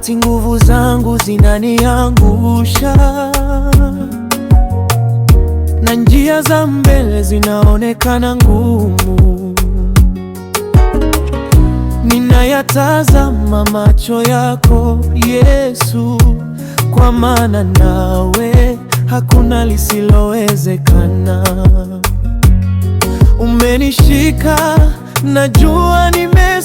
wakati nguvu zangu zinaniangusha na njia za mbele zinaonekana ngumu, ninayatazama macho yako Yesu, kwa maana nawe hakuna lisilowezekana. Umenishika, najua nime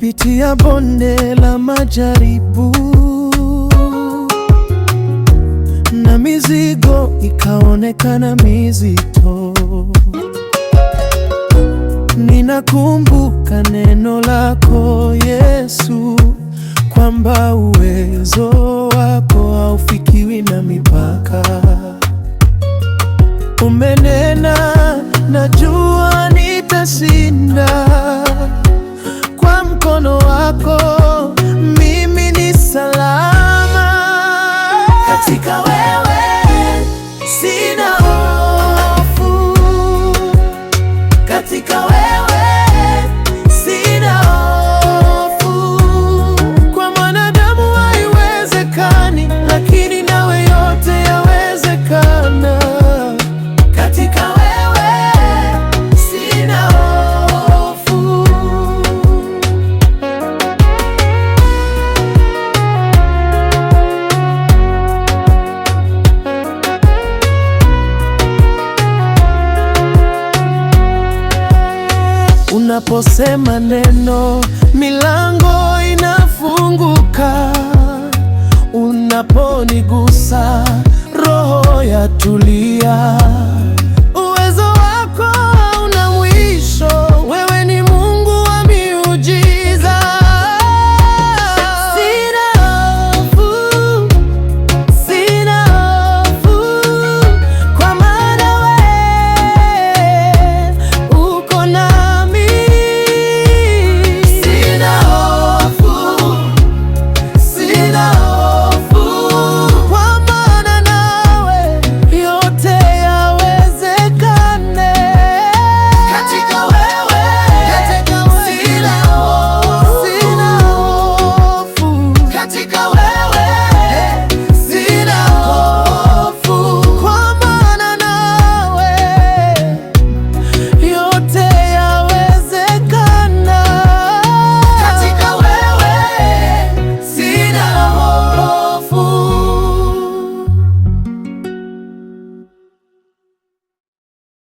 Nimepitia bonde la majaribu na mizigo ikaonekana mizito, ninakumbuka wako mimi ni salama katika wewe sina unaposema neno milango